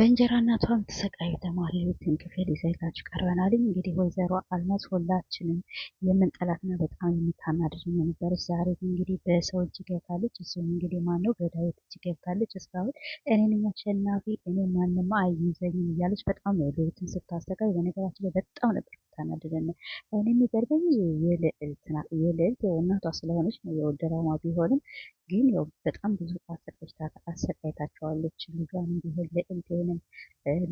በእንጀራ እናቷ የምትሰቃዩ ተማሪዎችን ክፍል ይዘንላችሁ ቀርበናል። እንግዲህ ወይዘሮ አልማዝ ሁላችንም የምንጠላትና በጣም የምታናድድ የነበረች ዛሬ እንግዲህ በሰው እጅ ገብታለች። እሱም እንግዲህ ማነው በዳዊት እጅ ገብታለች። እስካሁን እኔን አሸናፊ እኔ ማንም አይይዘኝም እያለች በጣም ነው ዳዊትን ስታሰቃይ። በነገራችን ላይ በጣም ነበር የምታናድደን። እኔ የሚገርመኝ የልዕልት እናቷ ስለሆነች ነው የወደራማ ቢሆንም ግን ያው በጣም ብዙ አሰቃይታቸዋለች። ልጇን ቢሆን ለእንትንም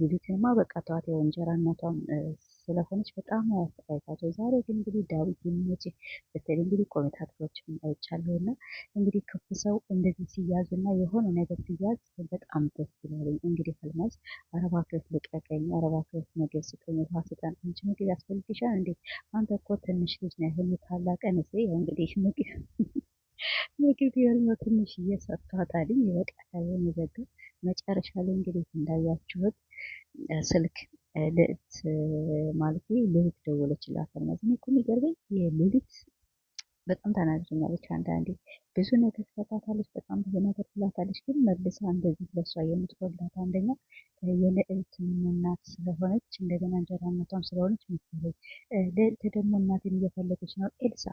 ልጅትማ በቃ ተዋት። ያው እንጀራ እናቷም ስለሆነች በጣም አያሰቃይታቸው። ዛሬ ግን እንግዲህ ዳዊት የሚመች በተለይ እንግዲህ ኮሜንት አክቶችን አይቻለሁ እና እንግዲህ ክፍ ሰው እንደዚህ ሲያዝ እና የሆነ ነገር ሲያዝ በጣም ደስ ይላል። እንግዲህ አልማዝ አረባ ክፍ ልቀቀኝ፣ አረባ ክፍ ነገር ስጠኝ፣ ውሃ ስጠን፣ አንቺ ምግብ ያስፈልግሻል እንዴ? አንተ እኮ ትንሽ ልጅ ነህ ታላቀ ነሴ ያው እንግዲህ ምግብ ምግብ የሆነው ትንሽ እየሰጥቷታልኝ ይበቃታል። የመዘገብ መጨረሻ ላይ እንግዲህ እንዳያችሁት ስልክ ልዕት ማለት ልዕልት ደወለችላት። እኔ እኮ የሚገርመኝ የልዕልት በጣም ታናድደኛለች። አንዳንዴ ብዙ ነገር ትሰጣታለች፣ በጣም ብዙ ነገር ትላታለች። ግን መልሳ እንደዚህ ለሷ የምትወላት አንደኛ የልዕልት እናት ስለሆነች እንደገና እንጀራ እናቷም ስለሆነች መሰለኝ። ልዕልት ደግሞ እናቴን እየፈለገች ነው። ኤልሳ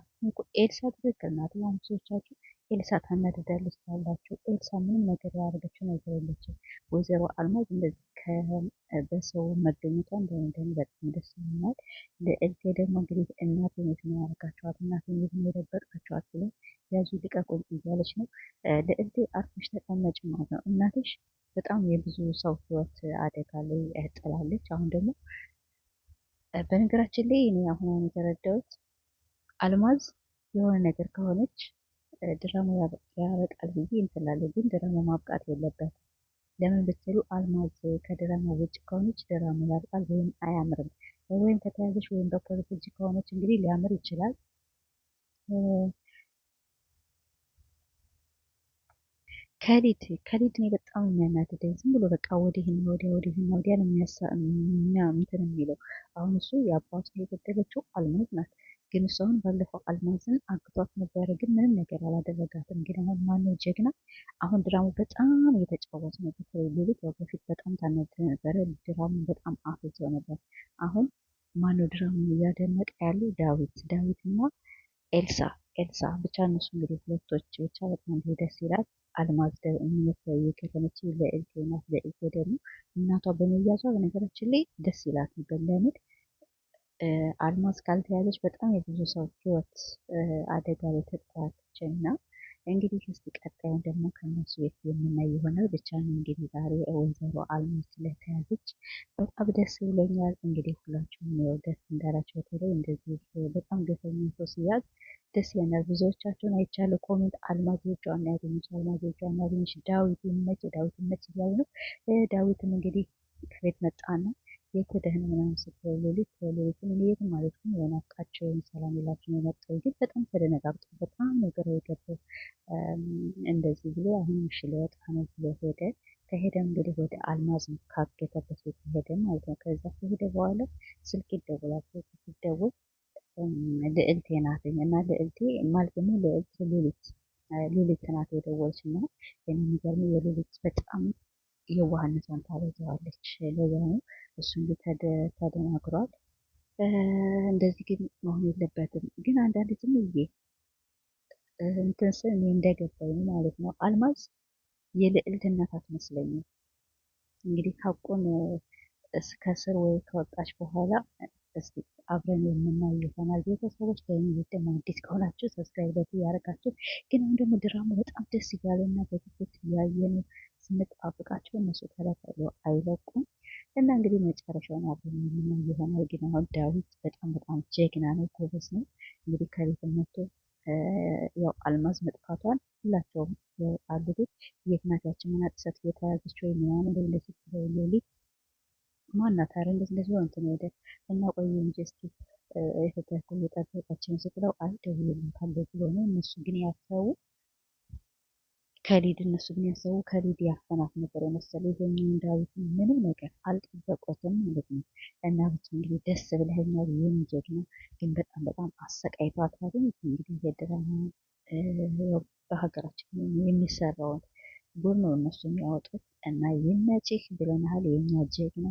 ኤልሳ ትክክል ናት። አሁን ብዙዎቻችሁ ኤልሳ ታናድዳለች ትላላችሁ። ኤልሳ ምንም ነገር ያደረገችው ነገር የለችም። ወይዘሮ አልማዝ እንደዚህ በሰው መገኘቷ እንደሆነ በጣም ደስ ይለኛል። ለእልፌ ደግሞ እንግዲህ እናት የት ነው ያደረጋችኋት? እናቴን የት ነው የደበቃችኋት? ብላ ያዙ ልቀቁኝ እያለች ነው። ለእልፌ አርፎች ተቀመጭ ማለት ነው። እናትሽ በጣም የብዙ ሰው ህይወት አደጋ ላይ ጥላለች። አሁን ደግሞ በነገራችን ላይ እኔ አሁን የተረዳሁት አልማዝ የሆነ ነገር ከሆነች ድራማው ያበቃል ብዬ እንትላለሁ። ግን ድራማው ማብቃት የለበት ለምን ብትሉ አልማዝ ከድራማው ውጭ ከሆነች ድራማው ያብቃል ወይም አያምርም። ወይም ከተያዘች ወይም በፖሊስ እጅ ከሆነች እንግዲህ ሊያምር ይችላል። ከሊድ ከሊድ እኔ በጣም የሚያናድደኝ ዝም ብሎ በቃ ወዲህን ወዲያ ወዲህን ወዲያን የሚያሳ እንትን የሚለው አሁን እሱ የአባቱ የገደለችው አልማዝ ናት። ግን እሱ ባለፈው አልማዝን አግቷት ነበረ፣ ግን ምንም ነገር አላደረጋትም። ግን አሁን ማነው ጀግና? አሁን ድራሙ በጣም እየተጫወት ነው። በተለይ ሌሊት በፊት በጣም ታነድ ነበረ፣ ድራሙ በጣም አፍልቶ ነበር። አሁን ማነው ድራሙ እያደመቀ ያለው? ዳዊት ዳዊት እና ኤልሳ ኤልሳ ብቻ እነሱ እንግዲህ ሁለቶች ብቻ በጣም ደስ ይላል። አልማዝ እምነት የከተመች ለእልቴ ናት። ለእልቴ ደግሞ እናቷ በመያዟ በነገራችን ላይ ደስ ይላት ነበር ለምን አልማዝ ካልተያዘች በጣም የብዙ ሰው ህይወት አደጋ ላይ ተጥላለች እና እንግዲህ እስቲ ቀጣዩን ደግሞ ከነሱ ቤት የምናይ ይሆናል። ብቻ ነው እንግዲህ ዛሬ ወይዘሮ አልማዝ ስለተያዘች በጣም ደስ ብሎኛል። እንግዲህ ሁላችሁም ያው ደስ እንዳላቸው በተለይ እንደዚህ በጣም ገፈኛ ሰው ሲያዝ ደስ ይለናል። ብዙዎቻችሁን አይቻለሁ ኮሜንት አልማዝ የእጇን ያገኘች፣ አልማዝ የእጇን ያገኘች፣ ዳዊት ይመች፣ ዳዊት ይመች እያሉ ነው። ዳዊትም እንግዲህ ከቤት መጣ ነው የት ሄደህ ነው ምናምን ስትለው ሌሊት ሌሊቱን እኔ የትም አልሄድኩም የናቃቸው ሰላም የላቸው ነው የመጣው ግን በጣም ተደነጋግጦ በጣም ነገር የገባው እንደዚህ ብሎ አሁን እሺ ልወጣ ነው ብሎ ሄደ። ከሄደ እንግዲህ ወደ አልማዝ ነው ካገተበት ቤት ሄደ ማለት ነው። ከዛ ከሄደ በኋላ ስልክ ይደውላል። ስልክ ሲደውል ልዕልቴ ናትኝ እና ልዕልቴ ማለት ደግሞ ልዕልት ሌሊት ሌሊት ናት የደወለች እና የሚገርም የሌሊት በጣም የዋህነቷን ታበዛዋለች ነው እሱም ተደናግሯል። እንደዚህ ግን መሆን የለበትም። ግን አንዳንድ ዝም ብዬ እንትን ስል እኔ እንደገባኝ ማለት ነው አልማዝ የልዕልትነት አትመስለኝም። እንግዲህ ሀቁን ስር ወይ ከወጣች በኋላ እስቲ አብረን የምናይ ይሆናል። ቤተሰቦች ለሚሄድ ደግሞ አዲስ ከሆናችሁ ሰብስክራይብ እያደረጋችሁ ግን አሁን ደግሞ ድራማ በጣም ደስ እያለ እና በጉጉት እያየን ስንጣፍቃቸው እነሱ ተረት አይለቁም። እና እንግዲህ መጨረሻውን አብረን የምናየው ይሆናል። ግን አሁን ዳዊት በጣም በጣም ጀግና ነው፣ ጎበዝ ነው። እንግዲህ ከቤት መጥቶ ያው አልማዝ መጥፋቷን ሁላቸውም አሉት። የት ናት ያቺ መናጥሰት የተያዘች ወይ ምናምን ወደ እንደዚህ ብለው ሌሊት ማናት አረ እንደዚህ እንደዚህ ሆን እንትን ወደ እና ቆይ እንጂ እስኪ የተተኩ የጠበቃችን ስትለው አይ ደውዬልኝ ካለ ብሎ ነው። እነሱ ግን ያሰቡ ከሊድ እነሱ ግን ከሊድ ያፈናት ነበር የመሰለ ይሄኛውን ዳዊትን ምንም ነገር አልጠበቆትም ማለት ነው። እና ብቻ እንግዲህ ደስ ብለኸኛል የኔ ጀግና፣ ግን በጣም በጣም አሰቃይቷት አግኝ እንግዲህ የድራማ በሀገራችን የሚሰራውን ጎን ነው እነሱ የሚያወጡት እና ይመችህ ብለናል የኛ ጀግና።